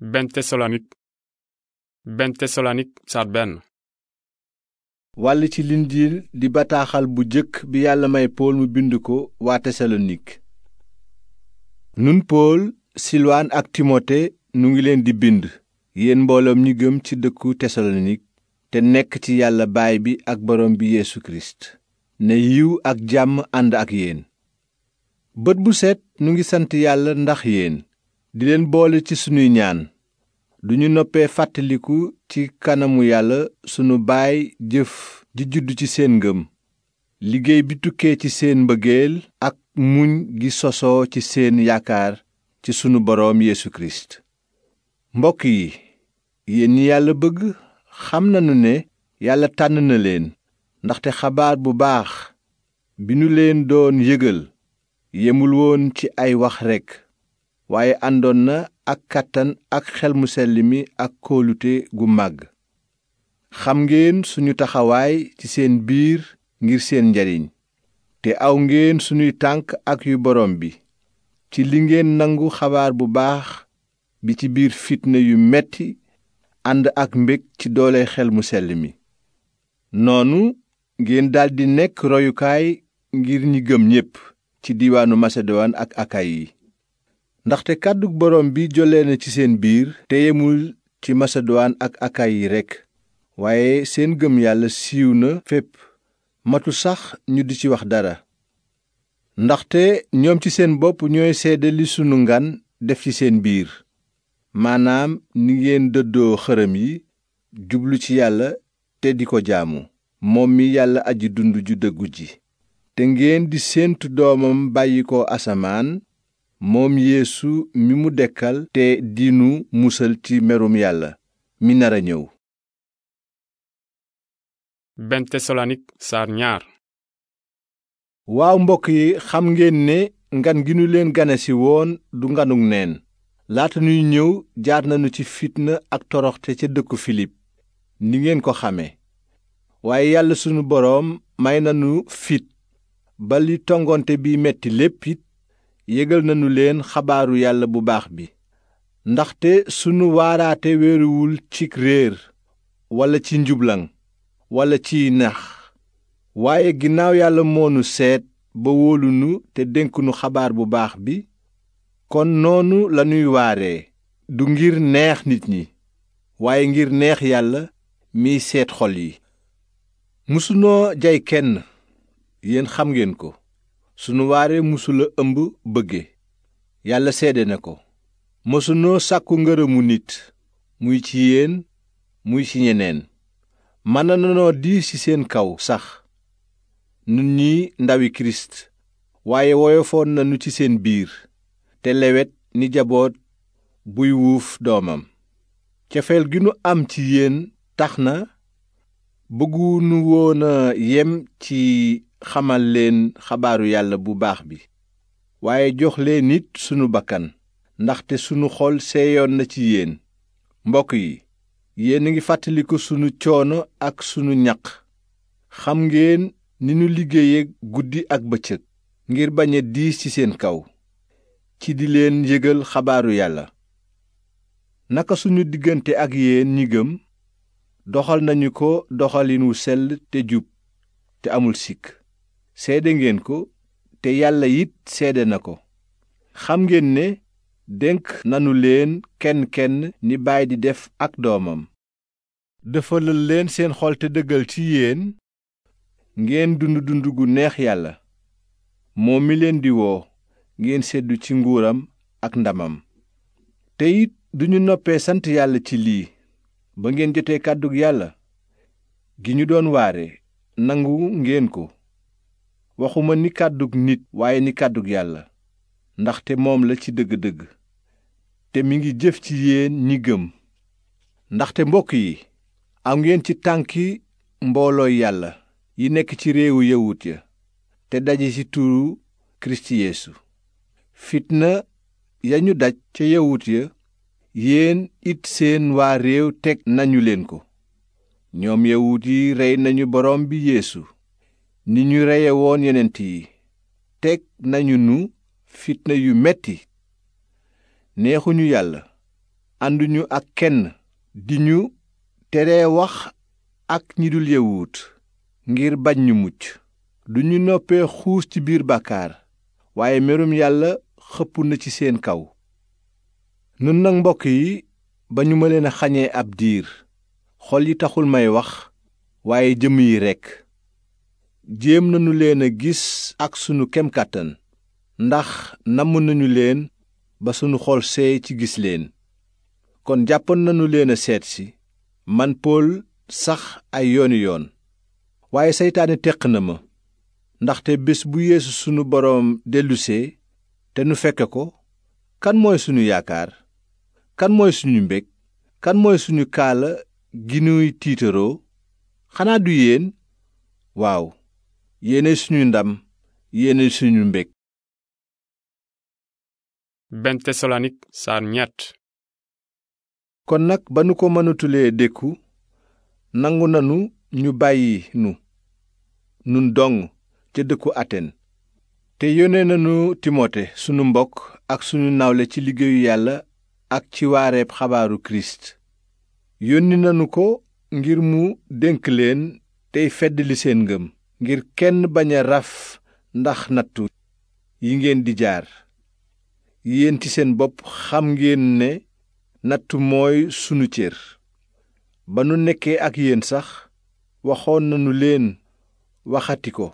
benn tesalonik benn wàll ci lindiil di bataaxal bu jëkk bi yàlla may pool mu bind ko waa tesalonik nun pool silwaan ak timote nu ngi leen di bind yéen mbooloom ñi gëm ci dëkku tesalonik te nekk ci yàlla baay bi ak borom bi yeesu kirist ne yiw ak jàmm ànd ak yéen bët bu set nu ngi sant yàlla ndax yéen di leen boole ci sunuy ñaan duñu noppee fàttaliku ci kanamu yàlla sunu baay jëf ji judd ci seen ngëm liggéey bi tukkee ci seen mbëggeel ak muñ gi sosoo ci seen yaakaar ci sunu boroom Yeesu Kirist mbokk yi yéen ñi yàlla bëgg xam nanu ne yàlla tànn na leen ndaxte xabaar bu baax bi nu leen doon yëgal yemul woon ci ay wax rekk waaye àndoon na ak kàttan ak xel mu sell mi ak kóolute gu màgg xam ngeen suñu taxawaay ci seen biir ngir seen njariñ te aw ngeen suñuy tànk ak yu borom bi ci li ngeen nangu xabaar bu baax bi ci biir fitna yu metti ànd ak mbég ci doole xel mu sell mi noonu ngeen daldi nekk royukaay ngir ñi gëm ñépp ci diiwaanu maseduwaan ak yi ndaxte kàddu boroom bi jollee na ci seen biir te yemul ci maseduwaan ak akaay yi rekk waaye seen gëm yàlla siiw na fépp matul sax ñu di ci wax dara ndaxte ñoom ci seen bopp ñooy seede li sunu ngan def ci seen biir maanaam ni ngeen dëddoo xërëm yi jublu ci yàlla te di ko jaamu moom mi yàlla aji dund ju dëggu ji te ngeen di séentu doomam bàyyi ko asamaan moom yeesu dekkal te dinu musal ci merum yàlla mi nar a ñëw waaw mbokk yi xam ngeen ne ngan gi nu leen ganesi woon du nganug neen laata nuy ñëw jaar nañu ci fitna ak toroxte ca dëkku filip ni ngeen ko xame waaye yàlla sunu boroom may nanu fit bali li tongonte bi metti lépp it yëgal nanu leen xabaaru yàlla bu baax bi ndaxte sunu waaraate wéeruwul cig réer walla ci njublaŋ walla ciy nax waaye ginnaaw yàlla moonu seet ba wóolunu te dénkunu xabaar bu baax bi kon noonu lanuy waaree du ngir neex nit ñi waaye ngir neex yàlla miy seet xol yi musunoo jay kenn yéen xam ngeen ko sunu waare musula ëmb bëgge yàlla seede na ko mësunoo sàkku ngërëmu nit muy ci yéen muy ci ñeneen mën nanoo di ci seen kaw sax nun ñi ndawi kirist waaye woyofoon nanu ci seen biir te lewet ni jaboot buy wuuf doomam cofeel gi nu am ci yéen tax na bëgguñu woon yem ci xamal leen xabaaru yàlla bu baax bi waaye jox leen it sunu bakkan ndaxte sunu xol seeyoon na ci yéen mbokk yi yéen ngi fàttaliku sunu coono ak sunu ñaq xam ngeen ni nu liggéeye guddi ak bëccëg ngir bañ a diis ci seen kaw ci di leen yëgal xabaaru yàlla naka suñu diggante ak yéen ñi gëm doxal nañu ko doxalin wu sell te jub te amul sikk seede ngeen ko te yàlla it seede na ko xam ngeen ne dénk nanu leen kenn kenn ni baay di def ak doomam dafa dëfalal leen seen xol te dëggal ci yéen ngeen dund dund gu neex yàlla moom mi leen di woo ngeen seddu ci nguuram ak ndamam te it duñu noppe sant yàlla ci lii ba ngeen jote kàddug yàlla gi ñu doon waare nangu ngeen ko waxuma ni kàddug nit waaye ni kàddug yàlla ndaxte moom la ci dëgg-dëgg te mi ngi jëf ci yéen ñi gëm ndaxte mbokk yi am ngeen ci tànki mboolooy yàlla yi nekk ci réewu yawut ya te daje ci turu kirist yeesu fitna ya ñu daj ca yawut ya yéen it seen waa réew teg nañu leen ko ñoom yawut yi rey nañu borom bi yeesu ni ñu reye woon yonent yi teg nañu nu fitna yu metti neexuñu yàlla ànduñu ak kenn di ñu teree wax ak ñi dul yewuut ngir bañ ñu mucc duñu noppee xuus ci biir bàkkaar waaye merum yàlla xëppu na ci seen kaw nun nag mbokk yi ba ñu ma leen a xañee ab diir xol yi taxul may wax waaye jëm yi rekk jéem nanu leen a gis ak sunu kem kàttan ndax namm nañu leen ba sunu xool seey ci gis leen kon jàppoon nanu leen a seet si man pool sax ay yooni yoon waaye seytaane teq na ma ndaxte bés bu yeesu sunu boroom dellusee te nu fekke ko kan mooy sunu yaakaar kan mooy suñu mbég kan mooy suñu kaala gi nuy tiitaroo xanaa du yéen waaw yéene suñu ndam yéene suñu mbég benn kon nag ba nu ko mënatulee dékku nangu nanu ñu bàyyi nu nun dong ca dëkku aten te yónnee nanu timote sunu mbokk ak sunu nawle ci liggéeyu yàlla ak ci waareeb xabaaru kirist yónni nanu ko ngir mu dénk leen tey fedd li seen ngëm ngir kenn bañ a raf ndax nattu yi ngeen di jaar yéen ci seen bopp xam ngeen ne nattu mooy sunu cër ba nu nekkee ak yéen sax waxoon nanu leen waxati ko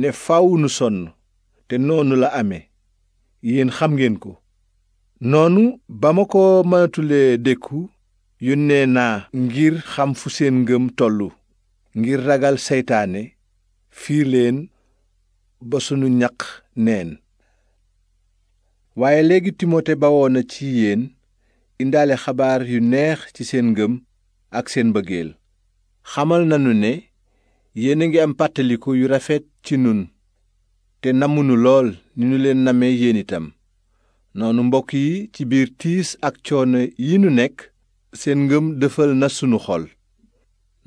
ne faw nu sonn te noonu la ame yéen xam ngeen ko noonu ba ma ko mënatulee dëkku yónnee naa ngir xam fu seen ngëm tollu ngir ragal seytaane fiir leen ba sunu ñaq neen waaye léegi timote bawoo na ci yéen indaale xabaar yu neex ci seen ngëm ak seen bëggeel xamal nanu ne yéen a ngi am pàttaliku yu rafet ci nun te namunu lool ni nu leen namee yéen itam noonu mbokk yi ci biir tiis ak coono yi nu nekk seen ngëm dëfal na sunu xol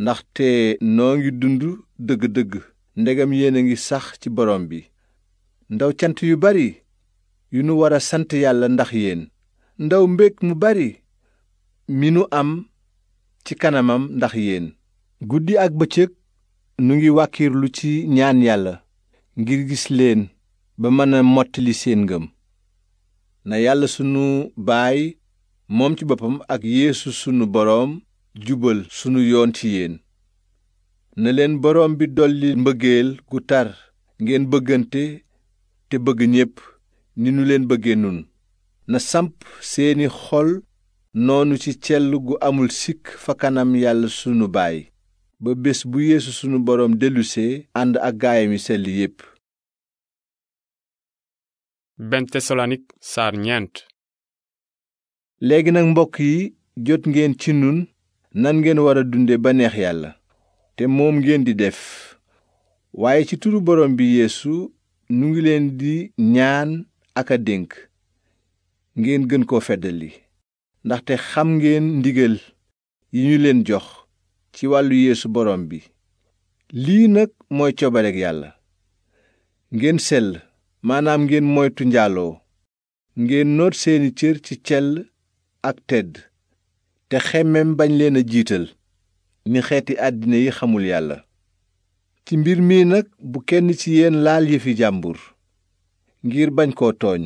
ndaxte noo ngi dund dëgg-dëgg ndegam yéen a ngi sax ci borom bi ndaw cant yu bari yu nu war a sant yàlla ndax yéen ndaw mbég mu bari mi nu am ci kanamam ndax yéen guddi ak bëccëg nu ngi wàkkiirlu ci ñaan yàlla ngir gis leen ba mën a mottali seen ngëm na yàlla sunu baay moom ci boppam ak yéesu sunu borom jubal sunu yoon ci yéen na leen boroom bi dolli mbëggeel gu tar ngeen bëggante te bëgg yépp ni nu leen bëgge nun na samp seeni xol noonu ci cell gu amul sikk fa kanam yàlla sunu baay ba bés bu yéesu sunu boroom dellusee ànd ak gaayam yi selli yépp benn tesalonik saar léegi nag mbokk yi jot ngeen ci nun nan ngeen war a dunde yàlla te moom ngeen di def waaye ci turu borom bi yéesu ñu ngi leen di ñaan ak a dénk ngeen gën koo feddali ndaxte xam ngeen ndigal yi ñu leen jox ci wàllu yéesu borom bi lii nag mooy coobareg yàlla ngeen sell maanaam ngeen moytu njaaloo ngeen noot seeni cër ci cell ak tedd te xemmem bañ leen a jiital ni xeeti àddina yi xamul yàlla ci mbir mii nag bu kenn ci yéen laal yëfi jàmbur ngir bañ koo tooñ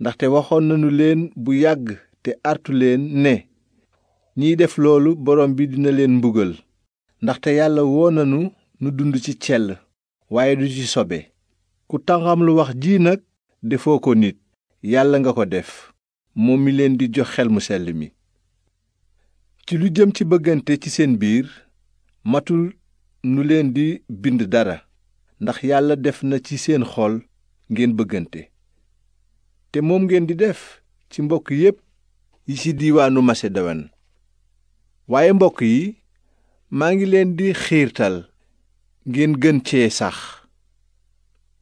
ndaxte waxoon nañu leen bu yàgg te artu leen ne ñiy def loolu borom bi dina leen mbugal ndaxte yàlla woo nañu nu dund ci cell waaye du ci sobe ku tanqam lu wax ji nag defoo ko nit yàlla nga ko def moom mi leen di jox xel mu sell mi ci lu jëm ci bëggante ci seen biir matul nu leen di bind dara ndax yàlla def na ci seen xol ngeen bëggante te moom ngeen di def ci mbokk yépp yi ci diiwaanu Masedowan waaye mbokk yi maa ngi leen di xiirtal ngeen gën cee sax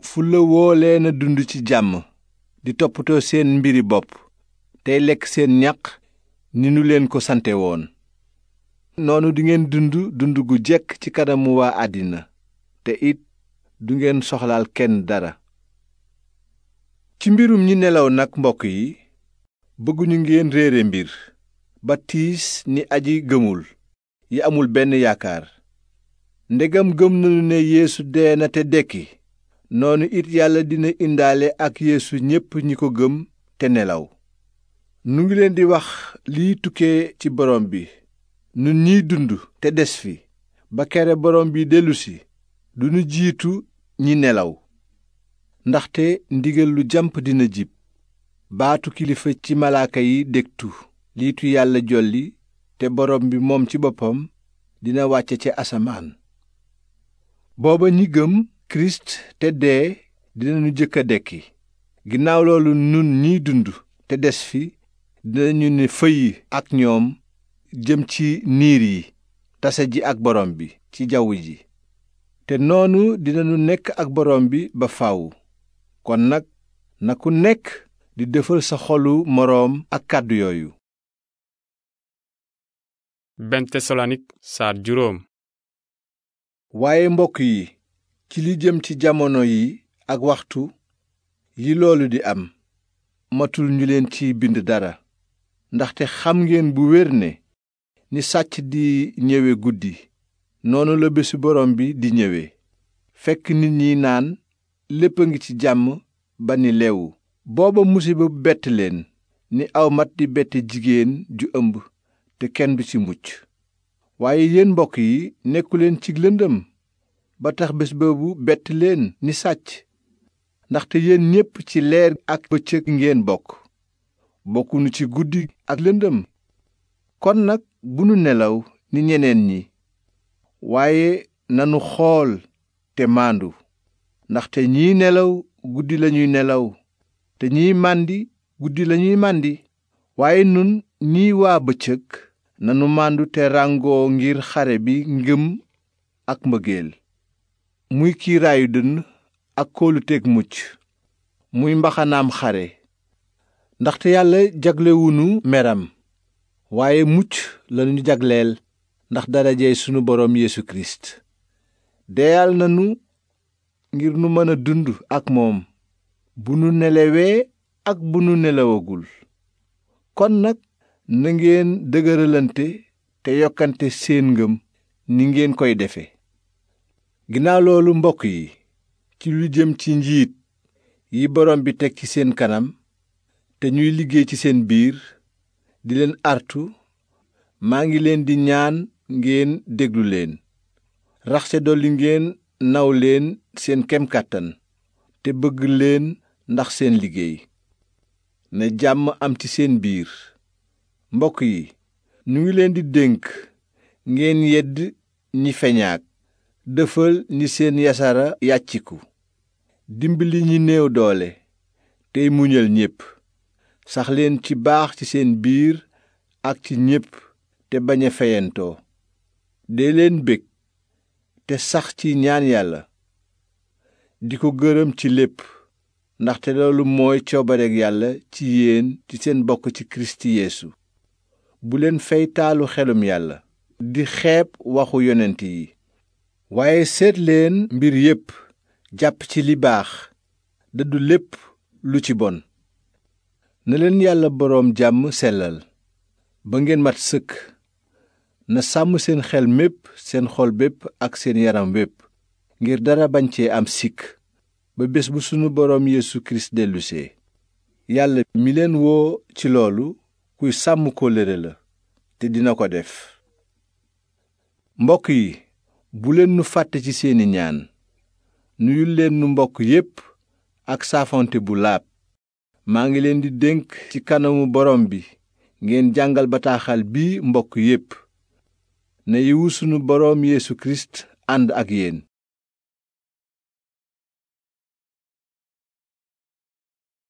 fulla woo leen a dund ci jàmm di toppatoo seen mbiri bopp tey lekk seen ñaq ni nu leen ko sante woon noonu dingeen dund dund gu jekk ci kanamu waa àddina te it du ngeen soxlaal kenn dara ci mbirum ñi nelaw nag mbokk yi bëgguñu ngeen réere mbir ba tiis ni aji gëmul yi amul benn yaakaar ndegam gëm nañu ne yéesu dee na te dekki noonu it yàlla dina indaale ak yéesu ñépp ñi ko gëm te nelaw nu ngi leen di wax liy tukkee ci borom bi nun ñiy dund te des fi ba kere borom bi dellusi du ñu jiitu ñi nelaw ndaxte ndigal lu jàmp dina jib baatu kilifa ci malaaka yi dégtu liitu yàlla jolli te borom bi moom ci boppam dina wàcce ci asamaan booba ñi gëm kirist te dee dinañu jëkk a dekki ginnaaw loolu nun ñiy dund te des fi dinañu ne fëyi ak ñoom jëm ci niir yi tase ji ak borom bi ci jaww ji te noonu dinañu nekk ak borom bi ba faw kon nag na ku nekk di defal sa xolu moroom ak kàddu yooyu benn tesalonik juróom waaye mbokk yi ci li jëm ci jamono yi ak waxtu yi loolu di am matul ñu leen ci bind dara ndaxte xam ngeen bu wér ne ni sàcc di ñëwe guddi noonu la bésu borom bi di ñëwe fekk nit ñi naan lépp a ngi ci jàmm ba ni lewu booba musiba bett leen ni aw mat di bette jigéen ju ëmb te kenn du ci mucc waaye yéen mbokk yi nekkuleen ci lëndëm ba tax bés boobu bett leen ni sàcc ndaxte yéen ñépp ci leer ak bëccëg ngeen bokk bokkunu ci guddi ak lëndëm bu nu nelaw ni ñeneen ñi waaye nanu xool te maandu ndaxte ñii nelaw guddi lañuy nelaw te ñiy màndi guddi lañuy màndi waaye nun ñiy waa bëccëg nanu màndu te ràngoo ngir xare bi ngëm ak mbëggeel muy kiiraayu dënn ak kóoluteeg mucc muy mbaxanaam xare ndaxte yàlla jaglewuñu meram waaye mucc lañu jagleel ndax darajey sunu borom Yeesu Kirist deyal nanu ngir nu mën a dund ak moom bu nu nelawee ak bu nu nelawagul kon nag na ngeen dëgëralante te yokkante seen ngëm ni ngeen koy defe ginnaaw loolu mbokk yi ci lu jëm ci njiit yi borom bi teg ci seen kanam te ñuy liggéey ci seen biir di leen artu maa ngi leen di ñaan ngeen déglu leen rax ca dolli ngeen nawleen seen kem kàttan te bëgg leen ndax seen liggéey na jàmm am ci seen biir mbokk yi ñu ngi leen di dénk ngeen yedd ñi feñaak dëfal ñi seen yasara yàcciku dimbili ñi néew doole tey muñal ñépp sax leen ci baax ci seen biir ak ci ñépp te bañ a feyantoo dee leen bég te sax ci ñaan yàlla di ko gërëm ci lépp ndaxte loolu mooy coobareg yàlla ci yéen ci seen bokk ci kirist yeesu bu leen fey taalu xelum yàlla di xeeb waxu yonent yi waaye seetleen mbir yépp jàpp ci li baax dëddu lépp lu ci bon na leen yàlla boroom jàmm sellal ba ngeen mat sëkk na sàmm seen xel mépp seen xol bépp ak seen yaram wépp ngir dara bañ cee am sikk ba bés bu sunu boroom Yeesu Kirist dellusee yàlla mi leen woo ci loolu kuy sàmm kóllëre la te dina ko def mbokk yi bu leen nu fàtte ci seeni ñaan nuyul leen nu mbokk yépp ak saafonte bu laab maa ngi leen di dénk ci kanamu borom bi ngeen jàngal bataaxal bi mbokk yépp ne yiwu sunu borom yéesu Kirist ànd ak yéen